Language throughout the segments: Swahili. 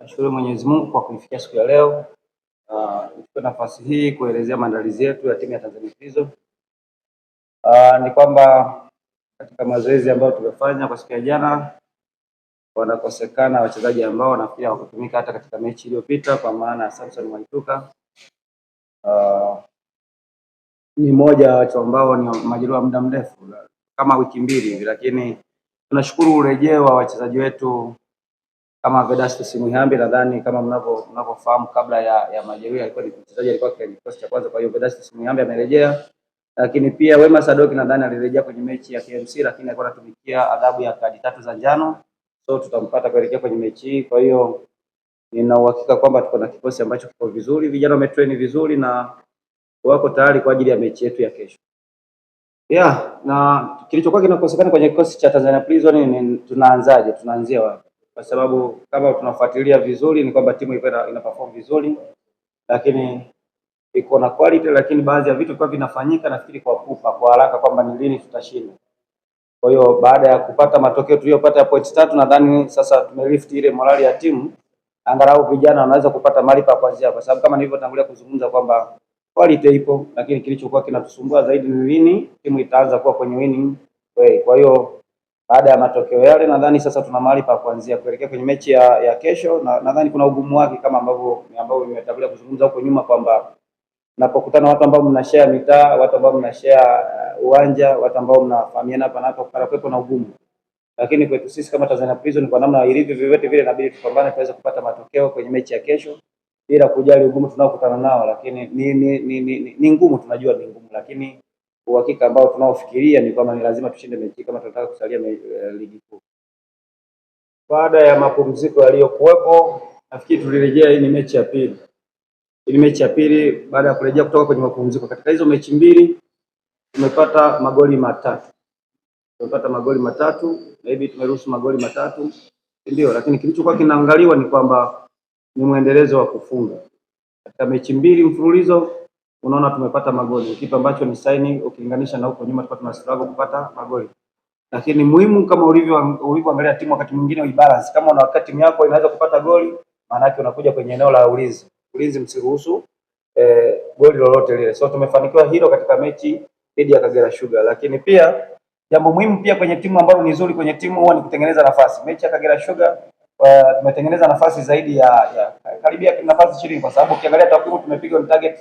Nashukuru Mwenyezi Mungu kwa kuifikia siku ya leo. Ah, nichukue uh, nafasi hii kuelezea maandalizi yetu ya timu ya Tanzania Prison. Uh, ah, ni kwamba katika mazoezi ambayo tumefanya kwa siku ya jana wanakosekana wachezaji ambao nafikiri hawakutumika hata katika mechi iliyopita kwa maana ya Samson Mwaituka. Uh, ni moja watu ambao ni majeruhi muda mrefu kama wiki mbili hivi, lakini tunashukuru urejeo wa wachezaji wetu kama Vedasto Simuhambi nadhani kama mnavyo mnavyofahamu, kabla ya, ya majeruhi alikuwa ni mchezaji alikuwa kwenye kikosi cha kwanza. Kwa hiyo Vedasto Simuhambi amerejea, lakini pia Wema Sadoki nadhani alirejea kwenye mechi ya KMC, lakini alikuwa anatumikia adhabu ya kadi tatu za njano, so tutampata kuelekea kwenye mechi hii. Kwa hiyo nina uhakika kwamba tuko na kikosi ambacho kiko vizuri, vijana wametrain vizuri na wako tayari kwa ajili ya mechi yetu ya kesho. Yeah, na kilichokuwa kinakosekana kwenye kikosi cha Tanzania Prison ni tunaanzaje, tunaanzia wapi? kwa sababu kama tunafuatilia vizuri ni kwamba timu ilikuwa ina perform vizuri, lakini iko na quality, lakini baadhi ya vitu kwa vinafanyika nafikiri kwa pupa, kwa haraka kwamba ni lini tutashinda. Kwa hiyo baada ya kupata matokeo tuliyopata ya point tatu, nadhani sasa tumelift ile morali ya timu, angalau vijana wanaweza kupata mali pa kuanzia, kwa sababu kama nilivyotangulia kuzungumza kwamba quality ipo, lakini kilichokuwa kinatusumbua zaidi ni lini timu itaanza kuwa kwenye winning way. Kwa hiyo baada ya matokeo yale, nadhani sasa tuna mahali pa kuanzia kuelekea kwenye mechi ya, ya kesho, na nadhani kuna ugumu wake kama ambavyo ambavyo nimetangulia kuzungumza huko nyuma kwamba napokutana watu ambao mnashare mitaa, watu ambao mnashare uh, uwanja, watu ambao mnafahamiana hapa na hapa, kutakuwepo na ugumu, lakini kwetu sisi kama Tanzania Prison kwa namna ilivyo, vyovyote vile inabidi tupambane tuweze kupata matokeo kwenye mechi ya kesho bila kujali ugumu tunaokutana nao, lakini ni, ni, ni, ni, ni, ni ngumu, tunajua ni ngumu, lakini uhakika ambao tunaofikiria ni kwamba ni lazima tushinde mechi kama tunataka kusalia eh, ligi kuu. Baada ya mapumziko yaliyokuwepo, nafikiri tulirejea. Hii ni mechi ya pili, hii ni mechi ya pili baada ya kurejea kutoka kwenye mapumziko. Katika hizo mechi mbili tumepata magoli matatu, tumepata magoli matatu na hivi tumeruhusu magoli matatu, ndio. Lakini kilichokuwa kinaangaliwa ni kwamba ni mwendelezo wa kufunga katika mechi mbili mfululizo unaona tumepata magoli, kitu ambacho ni saini ukilinganisha na huko nyuma tulikuwa tunastruggle kupata magoli. Lakini muhimu kama ulivyo ulivyoangalia timu wakati mwingine uibalance, kama una wakati timu yako inaweza kupata goli, maana yake unakuja kwenye eneo la ulinzi. Ulinzi msiruhusu eh, goli lolote lile. So tumefanikiwa hilo katika mechi dhidi ya Kagera Sugar, lakini pia jambo muhimu pia kwenye timu ambalo ni nzuri kwenye timu huwa ni kutengeneza nafasi. Mechi ya Kagera Sugar uh, tumetengeneza nafasi zaidi ya, ya karibia nafasi ishirini kwa sababu ukiangalia takwimu tumepiga on target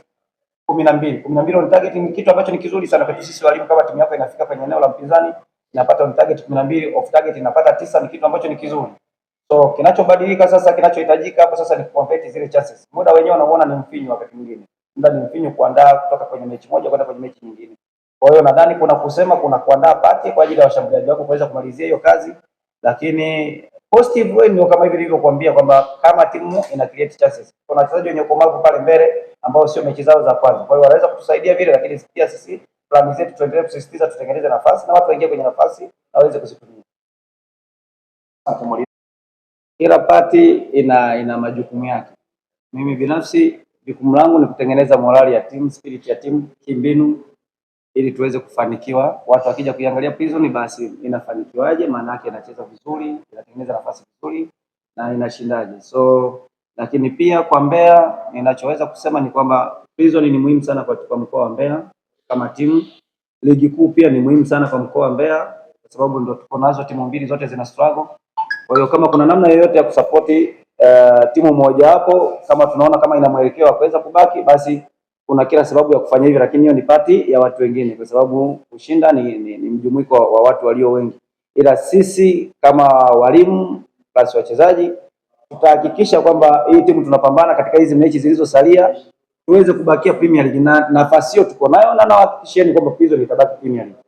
kumi na mbili kumi na mbili on target ni kitu ambacho ni kizuri sana kwetu sisi walimu. Kama timu yako inafika kwenye eneo la mpinzani inapata on target kumi na mbili off target inapata tisa, ni kitu ambacho ni kizuri. So kinachobadilika sasa, kinachohitajika hapo sasa ni kuconvert zile chances. Muda wenyewe unaona ni mfinyu, wakati mwingine muda ni mfinyu kuandaa kutoka kwenye mechi moja kwenda kwenye mechi nyingine. Kwa hiyo nadhani kuna kusema, kuna kuandaa pati kwa ajili ya washambuliaji wako kuweza kumalizia hiyo kazi, lakini positive way ndio kama hivi nilivyokuambia kwamba kama timu ina create chances, kuna wachezaji wenye ukomavu pale mbele ambao sio mechi zao za kwanza. Kwa hiyo wanaweza kutusaidia vile, lakini pia sisi plani zetu tuendelee kusisitiza, tutengeneze nafasi na watu waingie kwenye nafasi na waweze kuzitumia. Kila pati ina ina majukumu yake. Mimi binafsi jukumu langu ni kutengeneza morali ya timu, spirit ya timu, kimbinu ili tuweze kufanikiwa. Watu wakija kuiangalia Prison basi inafanikiwaje, maana yake inacheza vizuri, inatengeneza nafasi vizuri na inashindaje. So lakini pia kwa Mbeya, ninachoweza kusema ni kwamba Prison ni muhimu sana kwa, kwa mkoa wa Mbeya kama timu. Ligi kuu pia ni muhimu sana kwa mkoa wa Mbeya kwa sababu ndio tuko nazo timu mbili zote zina struggle. Kwa hiyo kama kuna namna yoyote ya kusapoti uh, eh, timu moja hapo, kama tunaona kama ina mwelekeo wa kuweza kubaki, basi kuna kila sababu ya kufanya hivyo, lakini hiyo ni pati ya watu wengine, kwa sababu kushinda ni, ni, ni mjumuiko wa watu walio wengi, ila sisi kama walimu basi wachezaji tutahakikisha kwamba hii timu tunapambana katika hizi mechi zilizosalia tuweze kubakia Premier League na nafasi hiyo tuko nayo, na nawahakikishieni kwamba Prison itabaki Premier League.